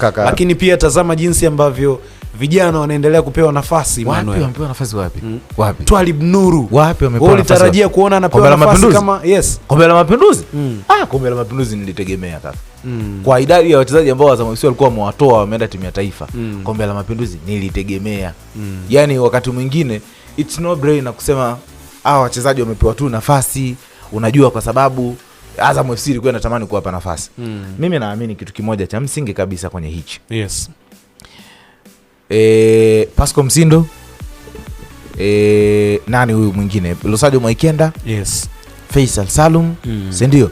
Kaka. Lakini pia tazama jinsi ambavyo vijana wanaendelea kupewa nafasi Manuel. Wapi wamepewa nafasi wapi? Mm. Wapi? Twalib Nuru. Wapi wamepewa nafasi? Ulitarajia kuona anapewa nafasi kama yes. Kombe la Mapinduzi? Mm. Ah, Kombe la Mapinduzi nilitegemea kaka. Mm. Kwa idadi ya wachezaji ambao Azam FC walikuwa wamewatoa wameenda timu ya taifa. Mm. Kombe la Mapinduzi nilitegemea. Mm. Yaani wakati mwingine it's no na kusema hawa ah, wachezaji wamepewa tu nafasi, unajua kwa sababu Azam FC ilikuwa inatamani kuwapa nafasi mm. Mimi naamini kitu kimoja cha msingi kabisa kwenye hichi yes. E, Pasco Msindo e, nani huyu mwingine losajo Mwaikenda yes. Faisal Salum mm. sindio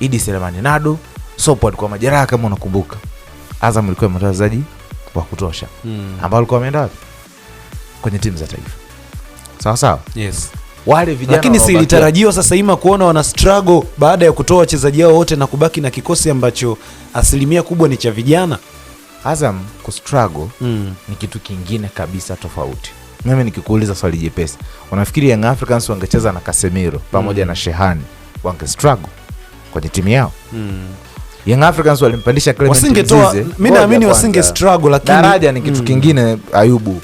Idi Selemani Nado Sopo majeraha kama unakumbuka. Azam ilikuwa na wa kutosha mm. ambao likuwa wameenda wapi kwenye timu za taifa sawasawa yes wale vijana, lakini silitarajiwa sasa ima kuona wana struggle baada ya kutoa wachezaji wao wote na kubaki na kikosi ambacho asilimia kubwa ni cha vijana. Azam ku struggle mm. ni kitu kingine kabisa tofauti. Mimi nikikuuliza swali jepesi, unafikiri Young Africans wangecheza na Casemiro pamoja mm. na Shehani wange struggle kwenye timu yao mm. Young Africans walimpandisha Clement Mzize, mimi naamini wasinge struggle, lakini daraja ni kitu mm. kingine. Ayubu,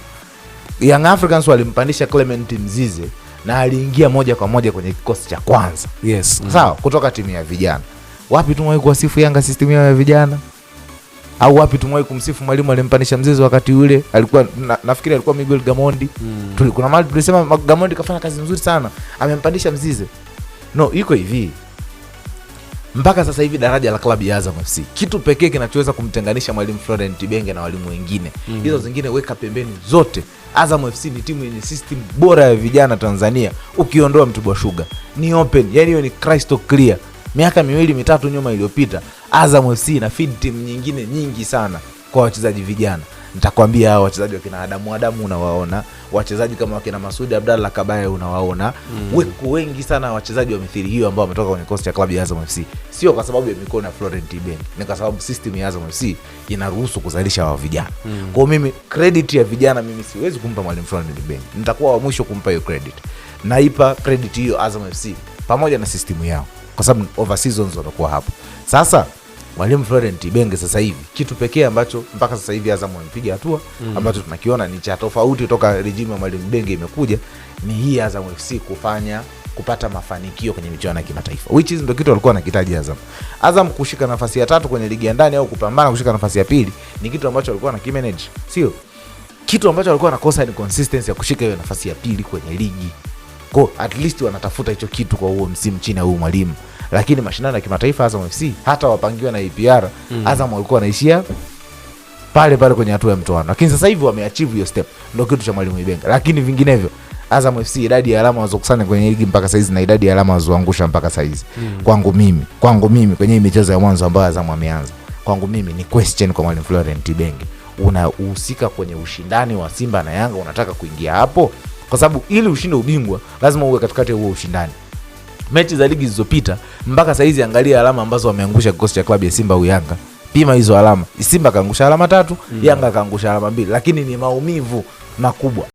Young Africans walimpandisha Clement Mzize na aliingia moja kwa moja kwenye kikosi cha kwanza yes. mm. Sawa, kutoka timu ya vijana. Wapi tumewahi kuwasifu Yanga system ya vijana au wapi tumewahi kumsifu mwalimu alimpanisha Mzizi wakati ule alikuwa na, nafikiri alikuwa Miguel Gamondi mm. Tuli, kuna mali tulisema Gamondi kafanya kazi nzuri sana amempandisha Mzizi. No, iko hivi mpaka sasa hivi daraja la klabu ya Azam FC. Kitu pekee kinachoweza kumtenganisha mwalimu Florent Ibenge na walimu wengine mm. hizo zingine weka pembeni zote. Azam FC ni timu yenye system bora ya vijana Tanzania, ukiondoa Mtibwa Sugar ni open, yani hiyo ni crystal clear. Miaka miwili mitatu nyuma iliyopita, Azam FC ina feed timu nyingine nyingi sana kwa wachezaji vijana nitakwambia hao wachezaji wakina Adamu Adamu unawaona, wachezaji kama wakina Masudi abdallah Kabaye unawaona mm. Weko wengi sana wachezaji wa mithiri hiyo ambao wametoka kwenye kosti ya klabu ya Azam FC, sio kwa sababu ya mikono ya Florent ben ni kwa sababu system ya Azam FC inaruhusu kuzalisha wa vijana mm. Kwao mimi credit ya vijana mimi siwezi kumpa mwalimu Florent ben nitakuwa wa mwisho kumpa hiyo credit. Naipa credit hiyo Azam FC pamoja na system yao, kwa sababu over seasons watakuwa hapo sasa Mwalimu Florent Ibenge sasa hivi kitu pekee ambacho mpaka sasa hivi Azam amepiga hatua mm. ambacho tunakiona ni cha tofauti toka rejimu ya Mwalimu benge imekuja ni hii Azam FC kufanya kupata mafanikio kwenye michuano ya kimataifa which is ndio kitu alikuwa anakitaji Azam. Azam kushika nafasi ya tatu kwenye ligi ya ndani au kupambana kushika nafasi ya pili ni kitu ambacho alikuwa na anakimanage, sio kitu ambacho alikuwa anakosa ni consistency ya kushika hiyo nafasi ya pili kwenye ligi. Kwa at least wanatafuta hicho kitu kwa huo msimu chini ya huyu mwalimu lakini mashindano ya kimataifa Azam FC hata wapangiwa na APR mm. Azam walikuwa wanaishia pale pale kwenye hatua ya mtoano, lakini sasa hivi wameachieve hiyo step, ndio kitu cha mwalimu Ibenga. Lakini vinginevyo Azam FC idadi ya alama walizokusanya kwenye ligi mpaka saizi na idadi ya alama wazoangusha mpaka saizi mm. kwangu mimi kwangu mimi kwenye hii michezo ya mwanzo ambayo Azam ameanza kwangu mimi ni question kwa mwalimu Florent Ibenge, unahusika kwenye ushindani wa Simba na Yanga, unataka kuingia hapo? Kwa sababu ili ushinde ubingwa lazima uwe katikati ya huo ushindani mechi za ligi zilizopita mpaka saa hizi, angalia alama ambazo wameangusha kikosi cha klabu ya Simba au Yanga. Pima hizo alama. Simba kaangusha alama tatu, mm. Yanga kaangusha alama mbili, lakini ni maumivu makubwa.